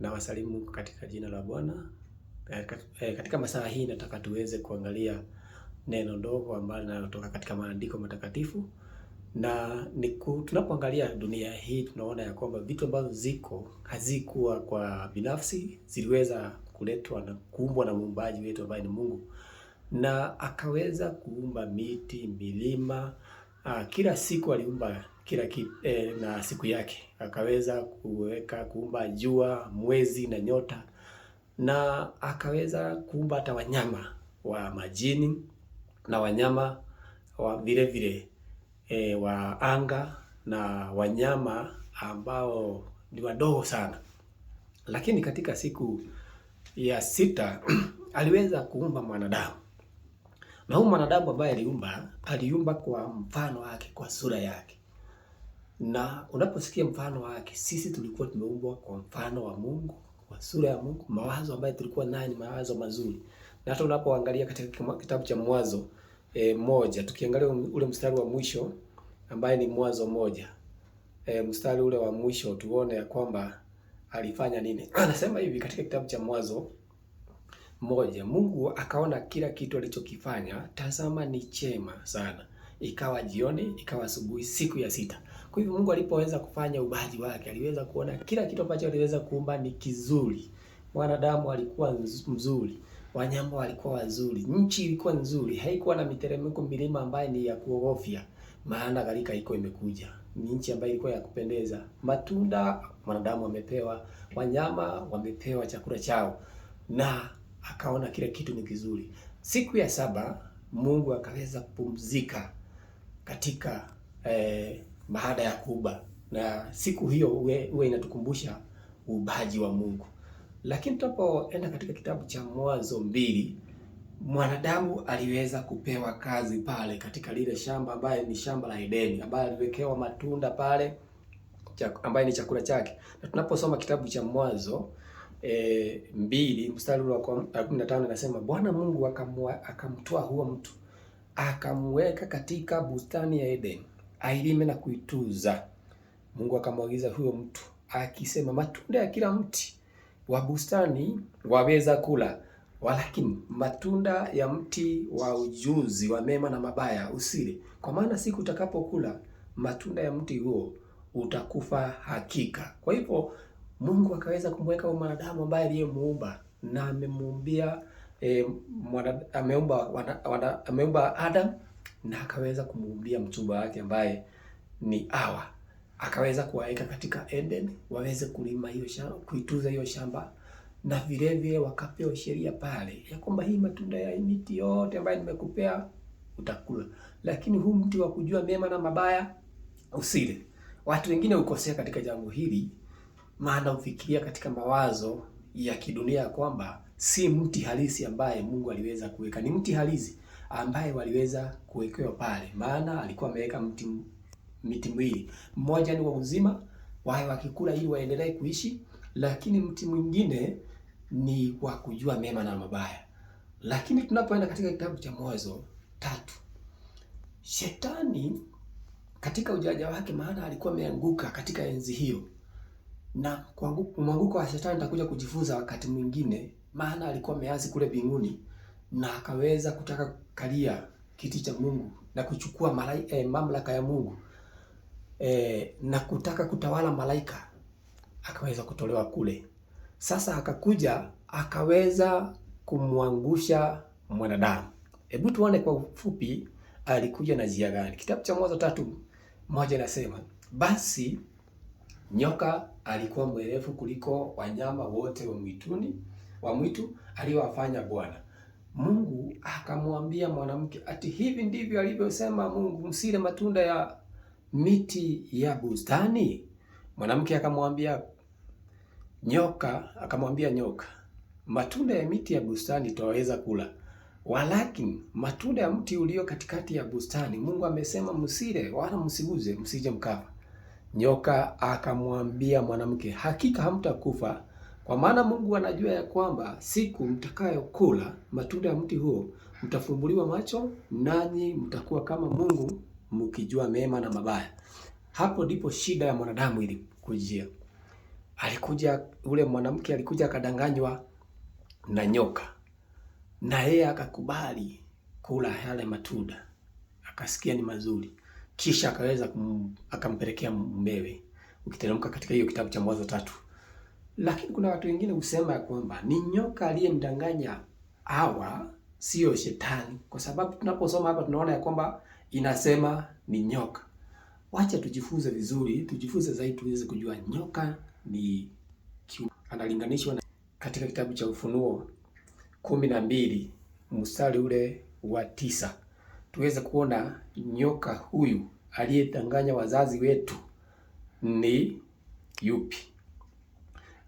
na wasalimu katika jina la Bwana. E, katika masaa hii nataka tuweze kuangalia neno ndogo ambalo linatoka katika maandiko matakatifu, na tunapoangalia dunia hii tunaona ya kwamba vitu ambavyo ziko hazikuwa kwa binafsi, ziliweza kuletwa na kuumbwa na muumbaji wetu ambaye ni Mungu, na akaweza kuumba miti, milima Ah, kila siku aliumba kila kitu e, eh, na siku yake akaweza kuweka kuumba jua, mwezi na nyota, na akaweza kuumba hata wanyama wa majini na wanyama wa vile vile e, wa anga na wanyama ambao ni wadogo sana, lakini katika siku ya sita aliweza kuumba mwanadamu. Na huyu mwanadamu ambaye aliumba, aliumba kwa mfano wake, kwa sura yake. Na unaposikia mfano wake, sisi tulikuwa tumeumbwa kwa mfano wa Mungu, kwa sura ya Mungu. Mawazo ambayo tulikuwa nayo ni mawazo mazuri. Na hata unapoangalia katika kitabu cha Mwanzo e, moja, tukiangalia ule mstari wa mwisho ambaye ni Mwanzo moja. E, mstari ule wa mwisho tuone ya kwamba alifanya nini. Anasema hivi katika kitabu cha Mwanzo moja, Mungu akaona kila kitu alichokifanya, tazama ni chema sana. Ikawa jioni, ikawa asubuhi, siku ya sita. Kwa hivyo Mungu alipoweza kufanya ubaji wake, aliweza kuona kila kitu ambacho aliweza kuumba ni kizuri. Wanadamu walikuwa mzuri, wanyama walikuwa wazuri, nchi ilikuwa nzuri, haikuwa na miteremko, milima ambayo ni ya kuogofya, maana gharika iko imekuja. Ni nchi ambayo ilikuwa ya kupendeza, matunda wanadamu wamepewa, wanyama wamepewa chakula chao na akaona kila kitu ni kizuri. Siku ya saba Mungu akaweza kupumzika katika eh, baada ya kuba, na siku hiyo huwa inatukumbusha uumbaji wa Mungu. Lakini tunapoenda katika kitabu cha Mwanzo mbili, mwanadamu aliweza kupewa kazi pale katika lile shamba ambaye ni shamba la Edeni, ambaye aliwekewa matunda pale ambaye ni chakula chake, na tunaposoma kitabu cha Mwanzo e, mbili mstari wa kumi na tano inasema Bwana Mungu akamtoa huo mtu akamweka katika bustani ya Eden ailime na kuituza. Mungu akamwagiza huyo mtu akisema, matunda ya kila mti wa bustani waweza kula, walakini matunda ya mti wa ujuzi wa mema na mabaya usile, kwa maana siku utakapokula matunda ya mti huo utakufa hakika. Kwa hivyo Mungu akaweza kumweka mwanadamu ambaye aliyemuumba na amemuumbia e, eh, ameumba wana, wana, ameumba Adam na akaweza kumuumbia mchumba wake ambaye ni Hawa, akaweza kuwaweka katika Eden waweze kulima hiyo shamba, kuituza hiyo shamba na vile vile wakapewa sheria pale ya kwamba hii matunda ya miti yote ambayo nimekupea utakula, lakini huu mti wa kujua mema na mabaya usile. Watu wengine ukosea katika jambo hili maana ufikiria katika mawazo ya kidunia kwamba si mti halisi ambaye Mungu aliweza kuweka, ni mti halisi ambaye waliweza kuwekewa pale, maana alikuwa ameweka mti miti miwili, mmoja ni wa uzima wae wakikula ili waendelee kuishi, lakini mti mwingine ni wa kujua mema na mabaya. Lakini tunapoenda katika kitabu cha Mwanzo tatu, shetani katika ujaja wake, maana alikuwa ameanguka katika enzi hiyo na kuanguka mwanguko wa shetani nitakuja kujifunza wakati mwingine, maana alikuwa ameanza kule binguni na akaweza kutaka kukalia kiti cha Mungu na kuchukua malai, eh, mamlaka ya Mungu eh, na kutaka kutawala malaika, akaweza kutolewa kule. Sasa akakuja akaweza kumwangusha mwanadamu. Hebu tuone kwa ufupi alikuja na njia gani. Kitabu cha Mwanzo tatu moja inasema basi nyoka alikuwa mwerefu kuliko wanyama wote wa mwituni wa mwitu aliyowafanya Bwana Mungu. Akamwambia mwanamke, ati hivi ndivyo alivyosema Mungu, msile matunda ya miti ya bustani? Mwanamke akamwambia nyoka, akamwambia nyoka, matunda ya miti ya bustani twaweza kula, walakini matunda ya mti ulio katikati ya bustani Mungu amesema msile, wala msiguze, msije mkafa. Nyoka akamwambia mwanamke, hakika hamtakufa, kwa maana Mungu anajua ya kwamba siku mtakayokula matunda ya mti huo mtafumbuliwa macho, nanyi mtakuwa kama Mungu, mkijua mema na mabaya. Hapo ndipo shida ya mwanadamu ilikujia. Alikuja ule mwanamke, alikuja akadanganywa na nyoka, na yeye akakubali kula yale matunda, akasikia ni mazuri, kisha akaweza akampelekea mmewe, ukiteremka katika hiyo kitabu cha Mwanzo tatu. Lakini kuna watu wengine husema ya kwamba ni nyoka aliyemdanganya Hawa, siyo shetani, kwa sababu tunaposoma hapa tunaona ya kwamba inasema ni nyoka. Wacha tujifunze vizuri, tujifunze zaidi tuweze kujua nyoka ni Analinganishwa na katika kitabu cha Ufunuo kumi na mbili mstari ule wa tisa tuweze kuona nyoka huyu aliyedanganya wazazi wetu ni yupi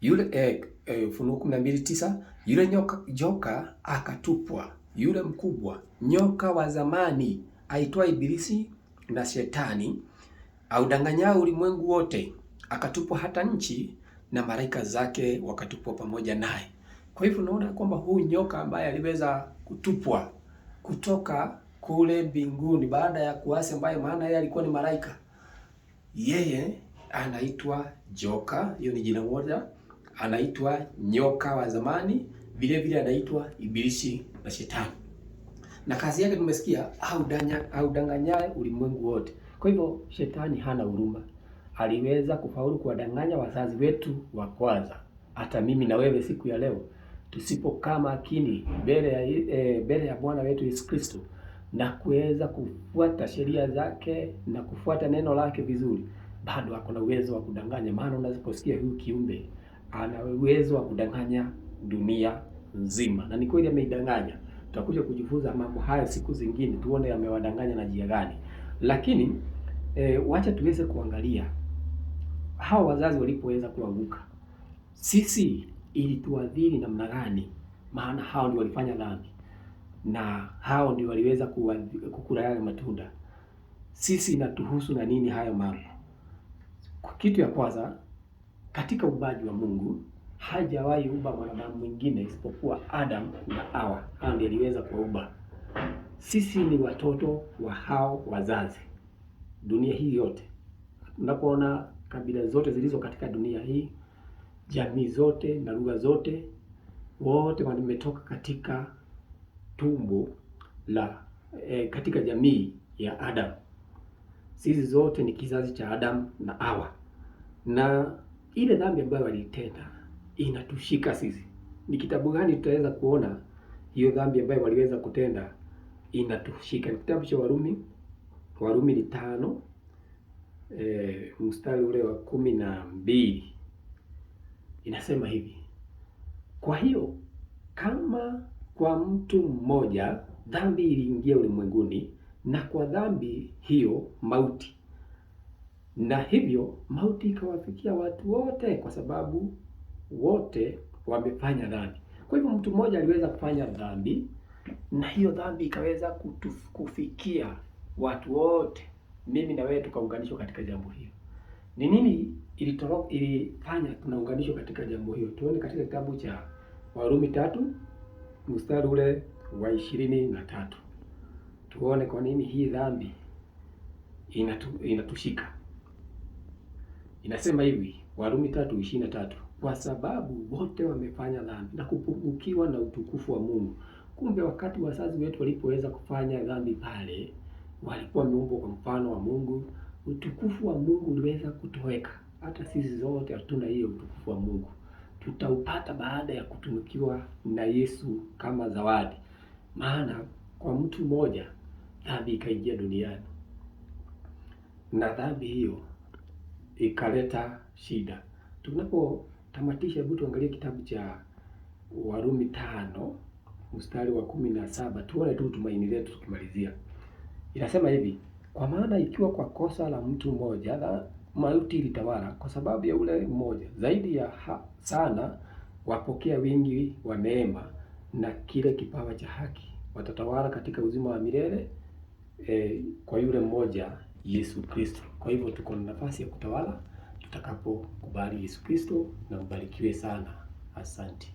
yule eh, eh, Ufunuo kumi na mbili tisa yule nyoka, joka akatupwa, yule mkubwa nyoka wa zamani aitwa Ibilisi na Shetani audanganyao ulimwengu wote, akatupwa hata nchi na malaika zake wakatupwa pamoja naye. Kwa hivyo unaona kwamba huu nyoka ambaye aliweza kutupwa kutoka kule mbinguni baada ya kuasi, ambaye maana yeye alikuwa ni malaika. Yeye anaitwa joka, hiyo ni jina moja. Anaitwa nyoka wa zamani, vile vile anaitwa ibilisi na shetani, na kazi yake tumesikia, au danya au danganyaye ulimwengu wote. Kwa hivyo shetani hana huruma, aliweza kufaulu kuwadanganya wazazi wetu wa kwanza, hata mimi na wewe siku ya leo tusipokaa makini mbele ya eh, mbele ya Bwana wetu Yesu Kristo na kuweza kufuata sheria zake na kufuata neno lake vizuri, bado ako na uwezo wa kudanganya. Maana unaziposikia huyu kiumbe ana uwezo wa kudanganya dunia nzima, na ni kweli ameidanganya. Tutakuja kujifunza mambo haya siku zingine, tuone amewadanganya na jia gani. Lakini e, wacha tuweze kuangalia hawa wazazi walipoweza kuanguka, sisi ilituadhiri namna gani? Maana hao ndio walifanya dhambi na hao ndio waliweza kukula yale matunda. Sisi inatuhusu na nini hayo mambo? Kitu ya kwanza, katika ubaji wa Mungu hajawahi uba mwanadamu mwingine isipokuwa Adam na Hawa. Hao ndio aliweza kuuba. Sisi ni watoto wa hao wazazi. Dunia hii yote unapoona kabila zote zilizo katika dunia hii, jamii zote na lugha zote, wote wametoka katika tumbo la e, katika jamii ya Adam. Sisi zote ni kizazi cha Adam na Hawa, na ile dhambi ambayo walitenda inatushika sisi. Ni kitabu gani tutaweza kuona hiyo dhambi ambayo waliweza kutenda inatushika? Ni kitabu cha Warumi, Warumi ni tano e, mstari ule wa kumi na mbili inasema hivi: kwa hiyo kama kwa mtu mmoja dhambi iliingia ulimwenguni, na kwa dhambi hiyo mauti, na hivyo mauti ikawafikia watu wote, kwa sababu wote wamefanya dhambi. Kwa hivyo mtu mmoja aliweza kufanya dhambi, na hiyo dhambi ikaweza kufikia watu wote, mimi na wewe tukaunganishwa katika jambo hilo. Ni nini ilitoro, ilifanya tunaunganishwa katika jambo hilo? Tuone katika kitabu cha Warumi tatu mstari ule wa ishirini na tatu tuone kwa nini hii dhambi inatu, inatushika. Inasema hivi Warumi tatu ishirini na tatu kwa sababu wote wamefanya dhambi na kupungukiwa na utukufu wa Mungu. Kumbe wakati wazazi wetu walipoweza kufanya dhambi pale, walikuwa wameumbwa kwa mfano wa Mungu, utukufu wa Mungu uliweza kutoweka. Hata sisi zote hatuna hiyo utukufu wa Mungu tutaupata baada ya kutunukiwa na Yesu kama zawadi. Maana kwa mtu mmoja dhambi ikaingia duniani, na dhambi hiyo ikaleta shida. Tunapotamatisha, hebu tuangalie kitabu cha Warumi tano mstari wa kumi na saba tuone tu tumaini letu tukimalizia. Inasema hivi: kwa maana ikiwa kwa kosa la mtu mmoja mauti ilitawala kwa sababu ya ule mmoja. Zaidi ya ha, sana wapokea wingi wa neema na kile kipawa cha haki watatawala katika uzima wa milele e, kwa yule mmoja Yesu Kristo. Kwa hivyo tuko na nafasi ya kutawala tutakapokubali Yesu Kristo, na mbarikiwe sana. Asante.